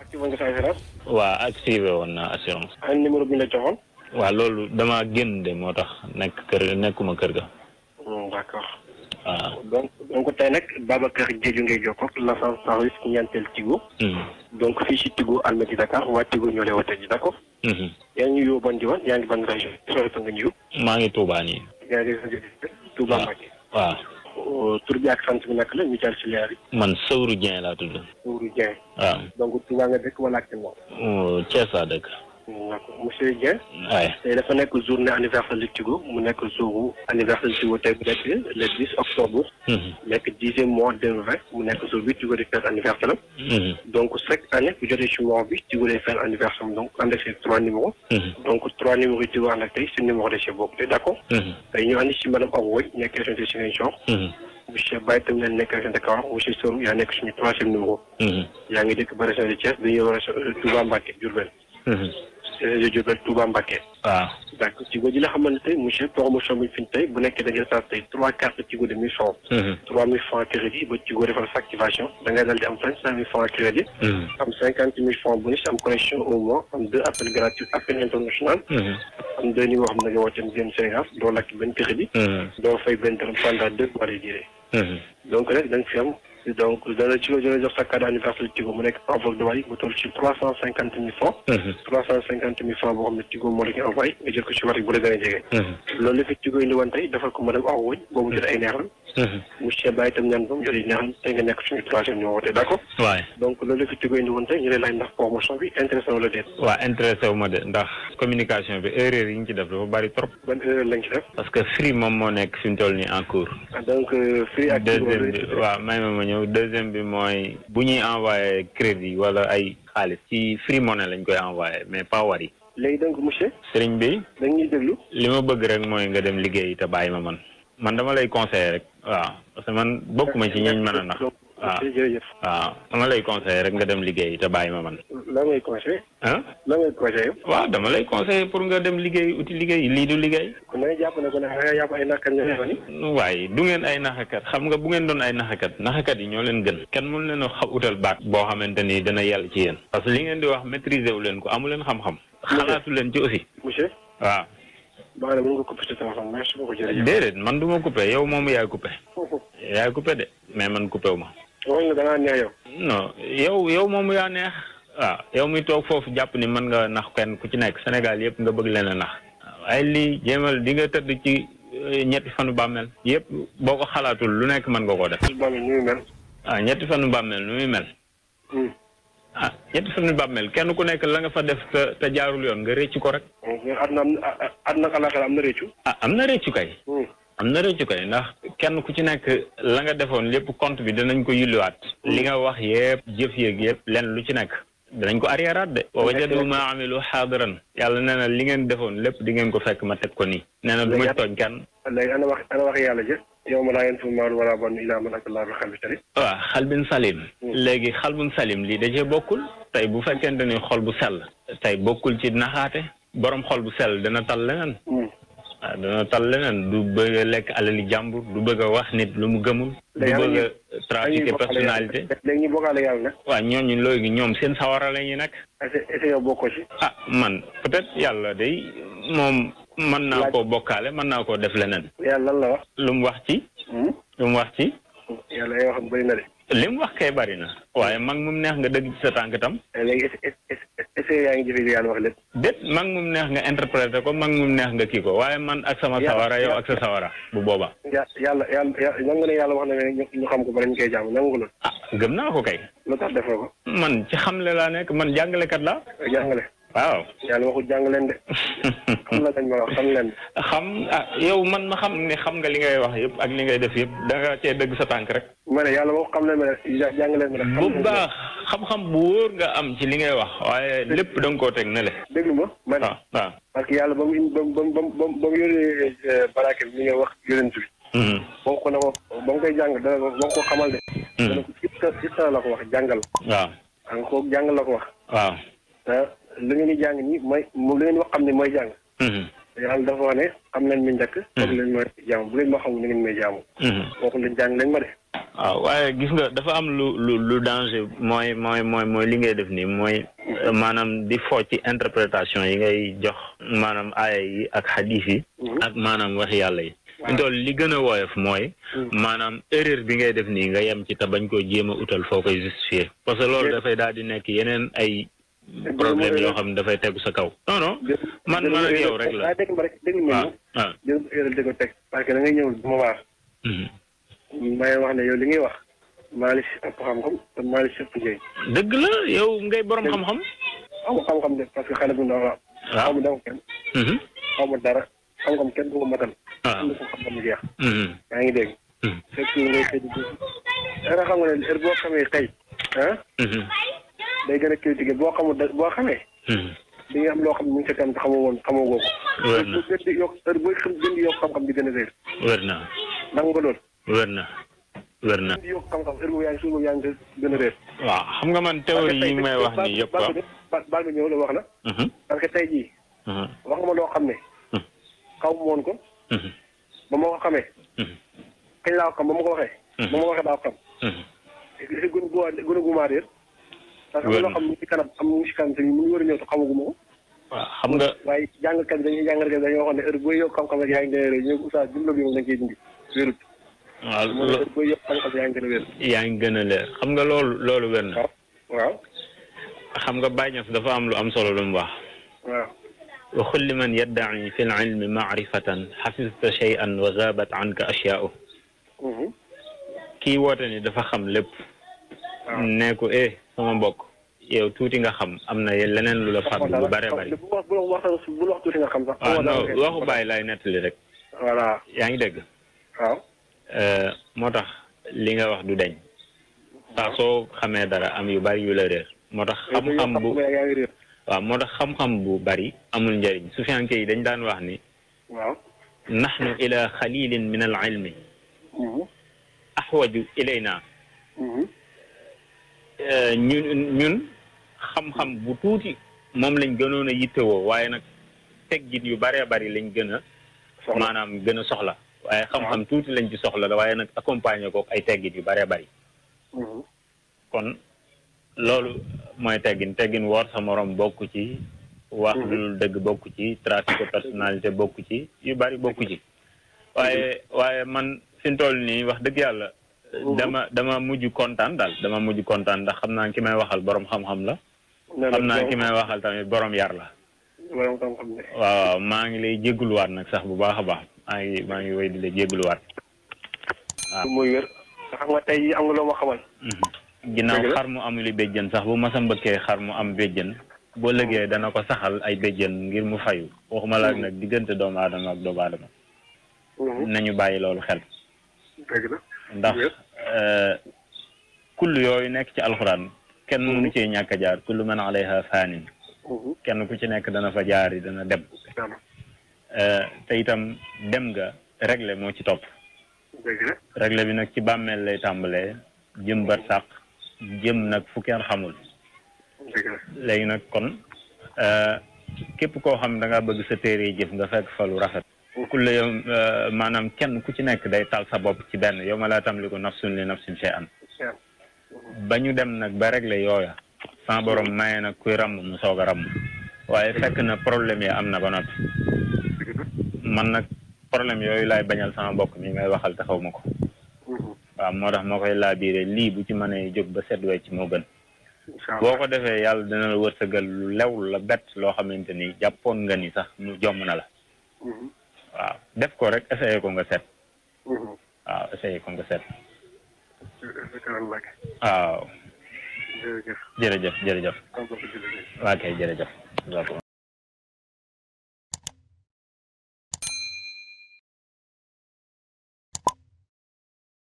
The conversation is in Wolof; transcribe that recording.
activé nga sa assurance. woon naa assurance. ak numéro bi ñu la joxoon. waaw loolu damaa génn de moo tax nekk kër nekkuma kër ga. Hmm, d'accord. waaw donc donc tey nag Babacar Diédhiou ngay jokkoog licence service ñeenteel Tigo. Hmm. donc fii ci Tigo Almadies Dakar waa Tigo ñoo lay wote ji d'accord. Hmm. yaa ngi ñuyoo ban yaa ngi ban région sori nga ñëw. maa ngi Touba nii. yaa tur bi ak sant bi naka la ñu jàll ci leer yi. man Sowru Dieng laa tudd. Sowru Dieng. waaw donc Touba nga dëkk wala ak Thiel moom. d'accord monsieur Dieng. waaye tey dafa nekk journée anniversaire Lutte Tigo mu nekk jour anniversaire Lutte Tigo tey bu nekk le dix octobre. Mhm. nekk dixième mois deux mille vingt mu nekk jour bi Tigo di fête anniversaire am. Mhm. donc chaque année bu jotee ci mois bi Tigo day fête anniversaire am donc ànd ak seen trois numéros. Mhm. donc trois numéros yi Tigo ànd ak tey suñu numéro de chez boobu tey d'accord. tey ñu ànd ci madame Awa nekk région de Ziguinchor. monsieur Baye tamit leen nekk région de Kaolack nekk suñu troisième numéro. yaa ngi dëkk ba région de Thiès dañuy war a Diourbel Touba Mbacké. waaw d'accord Tigo ji la xamante monsieur promotion trois cartes Tigo de mille francs. Mhm. trois mille francs crédit ba Tigo defal sa activation dal di am vingt cinq mille francs crédit. Mhm. am cinquante mille francs bonus am connexion au mois am deux appels gratuits appel international. Mhm. am deux numéros xam ne nga woote génn Sénégal doo lakk benn crédit. doo fay benn dërëm pendant deux mois de donc nag da fi am. donc dana ci jox sa carte d'anniversaire Tigo mu nekk enveloppe de waay mu toll ci trois cent cinquante mille francs mhm. trois cent cinquante mille francs boo xam ne Tigo moo la koy envoyé nga jël ko ci Fatick bu la gën a jege mhm. loolu fi Tigo indi woon tey defal ko madame aw woñ boobu jël ay neexal Mmh. monsieur Baye itam ñaan ba mu jëriñ ñaan tey nga nekk suñu troisième ñu woote d' accord. waay donc loolu la fi tëggee ñu woon tey lay ndax promotion bi intéressé wala déet. waaw intéressé wu ma de ndax communication bi erreur yi ñu ci def dafa bari trop. parce que Free moom moo nekk fi mu toll ni en cours. Ah, euh, deuxième bi waaw may ma ma ñëw deuxième bi mooy bu ñuy envoyé crédit wala ay xaalis ci Free ne lañ koy envoyé mais pas yi léegi donc monsieur. sëriñ bi. dañuy déglu. li ma bëgg rek mooy nga dem liggéey te bàyyi ma man. man dama lay conseiller rek waaw parce que man bokkuma ci ñiñ man a nax waaw jërëjëf waaw dama lay conseiller rek nga dem liggéey te bàyyi ma man. la ngay la ngay conseiller. waaw dama lay conseiller pour nga dem liggéey uti liggéey lii du liggéey. kon da ngay jàpp ne waaye du ngeen ay naxakat xam nga bu ngeen doon ay naxakat naxakat yi ñoo leen gën. kenn mënu leen a xaw utal baat. boo xamante ni dana yàlla ci yéen. parce que li ngeen di wax maîtriser wu leen ko amu leen xam-xam. xalaatu leen ci aussi. waaw. Baale mu ngi déedéet man du coupé yow moom yaay coupé. yaay coupé de mais man coupé wu ma. waxuñ yow. yow yow moom yaa neex. waaw ah, yow mi toog foofu jàpp ni mën nga nax kenn ku ci nekk Sénégal yëpp nga bëgg leen nax. ay lii jéemal di nga tëdd ci eh, ñetti fanu bàmmeel. yëpp boo ko xalaatul lu nekk mën nga koo def. bàmmeel nu ah, ñetti fanu bàmmeel nu muy mel. Hmm. ñetti suñu bàmmeel kenn ku nekk la nga fa def te jaarul yoon nga réccu ko rek. àdduna am na réccu. ah am na réccu kay. Hmm. am na réccu ndax kenn ku ci nekk la nga defoon lépp compte bi danañ ko yulliwaat. Hmm. li nga wax yépp jëf yéeg yépp lenn lu ci nekk. danañ ko arriéraat de wa wajadu ma amilu xaadiran yàlla nee na li ngeen defoon lépp di ngeen ko fekk ma teg ko ni nee na du ma tooñ kenn léegi ana wax yàlla jë yow ma laa yanfau maalun wala banuun illaa man ataa Allaaha bi qalbin saliim waaw xalbin salim hmm. lii da cee bokkul tey bu fekkente ni xol bu sell tey bokkul ci naxaate boroom xol bu sell dana tal leneen waaw hmm. ah, dana tal leneen du bëgg a lekk alali jàmbur du bëgg a wax nit lu mu gëmul du bëgg a trafiquer personnalité dañuy bokkaale yàlla waaw ñooñu léegi ñoom seen sawara la ñu nekk ah man peut-être yàlla de moom mën naa koo bokkaale mën naa koo def leneen yàlla lan la lu mu wax ci hmm? lu mu wax ci yàlla yoo xam bëri de li mu wax kay bari na waaye man moom neex nga dëgg sa tànk tam. léegi est ce que yaa ngi jëfe li yàlla neex nga interprété ko mag moom neex nga kii ko waaye man ak sama sawara yow ak sa sawara bu boobaa. yàlla yàlla nangu ne yàlla wax na ne ñu ko ba dañ koy jàmm nangu loolu. ah gëm naa ko kay. lu tax defoo man ci xam xamle laa nekk man jàngalekat laa. jàngale. waaw. yàlla waxul jàng leen de. xam la dañ ma wax xam leen. ah yow man ma xam ne xam nga li ngay wax yëpp ak li ngay def yëpp da nga dëgg sa tànk rek ma ne yàlla moom xam ne ma ne jàngaleen ma ne. bu baax xam-xam bu wóor nga am ci li ngay wax waaye lépp da nga koo teg ne le. déglu ma ma ne. waaw ah, ah. parce que yàlla ba mu ba mu ba mu ba mu yore euh, barake bi ngay wax yonent bi. boo ko ne ko ba nga koy jàng dana ba nga ko xamal de. Mm-hmm. dana ko la ko wax jàngal. waaw xam nga kooku ko wax. waaw ah. te li ngeen jàng nii mooy li ngeen wax xam ne mooy jàng. Mm-hmm. yàlla dafa wax ne xam nañ ma njëkk. Mm-hmm. foog leen ma ma de. waaw waaye gis nga dafa am lu lu lu danger mooy mooy mooy mooy li ngay def nii mooy maanaam di foo ci interprétation yi ngay jox maanaam aaya yi ak xadiis yi ak maanaam wax yàlla yi ntool li gën a woyof mooy maanaam erreur bi ngay def nii nga yem ci te bañ koo jéem a utal foo koy justifier parce que loolu dafay daal di nekk yeneen ay problème yoo xam ne dafay tegu sa kaw non man man ak rek la may wax ne yow li ngay wax maa ngi si ëpp xam-xam te maa ngi si ëpp njëriñ. dëgg la yow ngay borom xam-xam. aw ma xam-xam de parce que xale bu ndaw la. waaw xaw ma dama kenn. Mm-hmm. xaw ma dara xam-xam kenn du ko matal. waaw ah. am na ko xam-xam jeex. yaa mm-hmm. ngi dégg. Mm-hmm. fekk ngay xëy di dara xam nga ne heure boo xamee xëy. ah. day gën a critiqué boo xamul da boo xamee. di nga am loo xam ne mu ngi sa kanam xamoo woon xamoo goo ko. wér na heure boo gën di yokk heure boo gën di yokk xam-xam di gën a réer. wér na nangu nga loolu. wér na wér na. waaw xam nga man théorie yi may wax nii yëpp ah. baal ma ñëw la wax la. Mhm. parce que tey jii. Mhm. wax nga ma loo xam ne. Mhm. xaw ma woon ko. ba ma ko xamee. kañ laa ko ba ma ko waxee. ba ma ko waxee laa ko xam. li si gën a gën a loo xam ne ci kanam am mu si kanam tamit mu ngi war a ñëw te xamaguma ko. waaw xam nga waaye jàngkat bi dañuy jàngal dañuy waxoon ne heure booy yokk xam-xam rek yaa ngi dee rek ñoom oustaz jumla bi moom dañ koy dindi wérut waaw yaa ngi gën a wér. yaa leer xam nga loolu loolu na. xam nga Baay Ñas dafa am lu am solo lu mu wax. waaw. wa xul li man yaddaci fi lcilmi macrifatan xafista cheyan wa zaabat anka ashyaau. Mhm. kii woote ni dafa xam lépp. waaw ne ko eh mbokk yow tuuti nga xam am na leneen lu la fàtt bu bare bari. bu ah, waxu Baay laay nettali rek. voilà yaa ngi dégg. Euh, moo tax li nga wax du deñ saa soo xamee dara am yu bari yu la réer moo tax xam-xam bu waaw moo tax xam-xam bu bari amul njariñ njëriñ sufiyanke yi dañ daan wax ni waaw nahnu ila xalilin min al ilmi mm-hmm. ahwaju ilayna mm-hmm. euh, ñun ñun xam-xam bu tuuti moom lañ gënoon a yittewoo waaye nag teggin yu baree bari lañ gën a maanaam gën a soxla waaye xam-xam tuuti lañ ci soxla la waaye nag accompagner ko ay teggin yu bare bëri. Mm-hmm. kon loolu mooy teggin teggin woor sa moroom bokku ci. wax mm-hmm. lu dëgg bokk ci trafic personnalité bokku ci yu bari bokku ci. Mm-hmm. waaye waaye man fi mu toll nii wax dëgg yàlla. dama dama mujj kontaan daal dama mujj kontaan ndax xam naa ki may waxal boroom xam-xam la. xam naa ki may waxal tamit boroom yar la. waaw waaw maa ngi lay jégaluwaat nag sax bu baax a baax. maa ngi maa ngi wéy di la jégluwaat waaw mooy mhm. ginnaaw xar mu amuli béjjën sax bu masam bëkkee xar mu am béjjën boo lëgee dana ko saxal ay béjjën ngir mu fayu waxuma mhm. nag diggante doomu aadama ak doomu aadama mhm. nañu bàyyi loolu xel ndax euh, kull yooyu nekk ci alxuraan kenn mënu cee ñàkk jaar kullu man alayha faanin kenn ku ci nekk dana fa jaari dana dem Euh, te itam dem nga réglé moo ci topp réglé bi nag ci bàmmeel lay tàmbalee jëm ba sàq jëm nag fu kenn xamul léegi nag kon euh, képp koo xam da ngaa bëgg sa téere yi jëf nga fekk fa lu rafet kulle yow euh, maanaam kenn ku ci nekk day tal sa bopp ci benn yow ma laa ko tamliku nafsun li nafsin shay'an ba ñu dem nag ba réglé yooya sans borom maye nag kuy ràmm mu soog a ràmm waaye fekk na problème yi am na ba noppi man nag problème yooyu laay bañal sama bokk mi ngay waxal taxaw ma ko mhm. waaw moo tax moo koy laa laabiire lii bu ci mënee jóg ba sedd wecc ci moo gën boo ko defee yàlla dina la wërsëgal lu lew la bett loo xamante ni jàppoon nga ni sax mu jomm na la mhm. waaw def ko rek essayé ko nga set mhm. waaw essayé ko nga set waaw jërëjëf jërëjëf jërëjëf kay jërëjëf